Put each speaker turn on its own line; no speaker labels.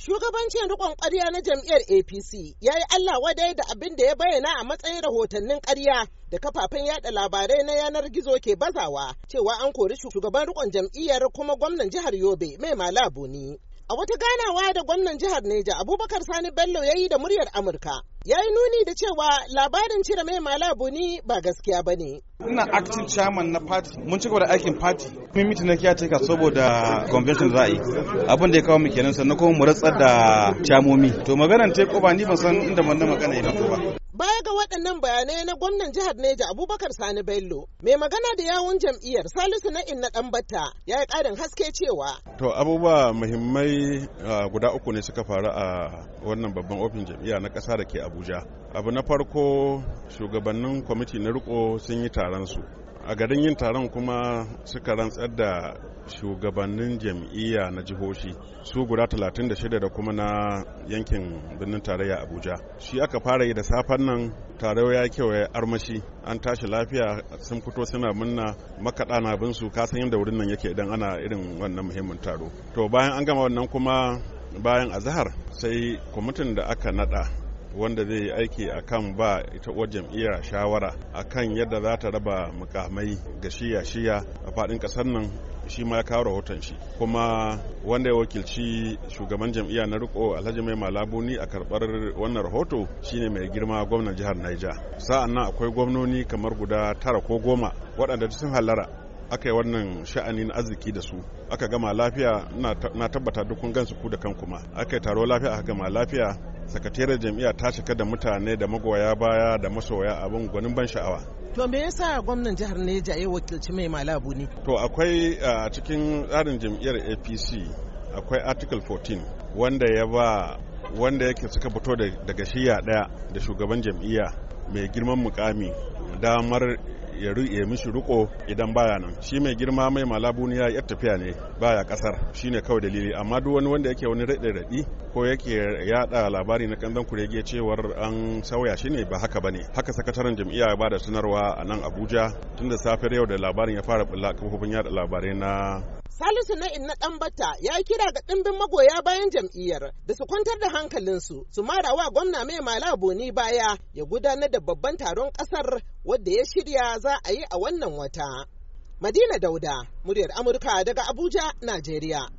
Shugabancin rikon ƙarya na jam'iyyar APC ya yi Allah wadai da abin da ya bayyana a matsayin rahotannin ƙarya da kafafen yada labarai na yanar gizo ke bazawa cewa an kori shugaban rikon jam'iyyar kuma gwamnan jihar Yobe mai malabu ne. A wata ganawa da gwamnan jihar Neja Abubakar Sani Bello ya yi da muryar Amurka. Ya yi nuni da cewa labarin cire mai malabu ni ba gaskiya ba ne.
Ina active chairman na party, mun cigaba da aikin party. Mun miti na kiyaye ka saboda convention za a yi. Abin da ya kawo mu kenan sannan kuma mu ratsar da chamomi. To maganar take ba ni ban san inda wannan magana ya
ba. Baya ga waɗannan bayanai na gwamnan jihar Neja Abubakar Sani Bello, mai magana da yawun jam'iyyar Salisu na Inna batta, ya yi ƙarin haske cewa.
To abubuwa muhimmai ah, guda uku ne suka faru a wannan babban ofin jam'iyya na ƙasa da ke Abuja. Abu na farko shugabannin kwamiti na riko sun yi taron su a garin yin taron kuma suka rantsar da shugabannin jam'iyya na jihohi su guda 36 da kuma na yankin birnin tarayya abuja shi aka fara yi da safan nan tare ya kewaye armashi an tashi lafiya sun fito suna munna makaɗa na bin su kasan yadda wurin nan yake idan ana irin wannan muhimmin taro to bayan an gama wannan kuma bayan azahar sai kwamitin da aka nada wanda zai yi aiki a kan ba ita uwar iya shawara a kan yadda za ta raba mukamai ga shiya-shiya a faɗin ƙasar nan shi ma ya kawo rahoton shi kuma wanda ya wakilci shugaban jam'iyya na riko alhaji mai malabuni a karɓar wannan rahoto shine mai girma gwamnan jihar naija sa'an nan akwai gwamnoni kamar guda tara ko goma waɗanda sun halara aka yi wannan sha'ani na arziki da su aka gama lafiya na tabbata duk gansu ku da kanku ma aka yi taro lafiya aka gama lafiya sakatariyar jam'iyya ta cika da mutane da magoya baya da masoya abin gwanin ban sha'awa
to me yasa gwamnan jihar Neja ya wakilci mai malabu ne
to akwai a cikin tsarin jam'iyyar APC akwai article 14 wanda ya ba wanda yake suka fito daga shiya daya da shugaban jam'iyya mai girman mukami damar ya mishi riko idan baya nan shi mai girma mai malabuniya ya tafiya ne baya kasar ne kawai dalili amma duk wani wanda yake wani raɗe raɗi ko yake yada labari na kanzan kurege cewar an sauya shi ne ba haka ba ne haka sakataren jam'iyya ya bada sanarwa a nan Abuja tunda safiyar yau da labarin ya fara bulla kafofin yada labarai na
Salisu na inna ɗan bata ya kira ga ɗimbin magoya bayan jam'iyyar da su kwantar da hankalinsu su mara wa gwamna mai mala boni baya ya gudanar da babban taron ƙasar wadda ya shirya za a yi a wannan wata. Madina Dauda, muryar Amurka daga Abuja, Najeriya.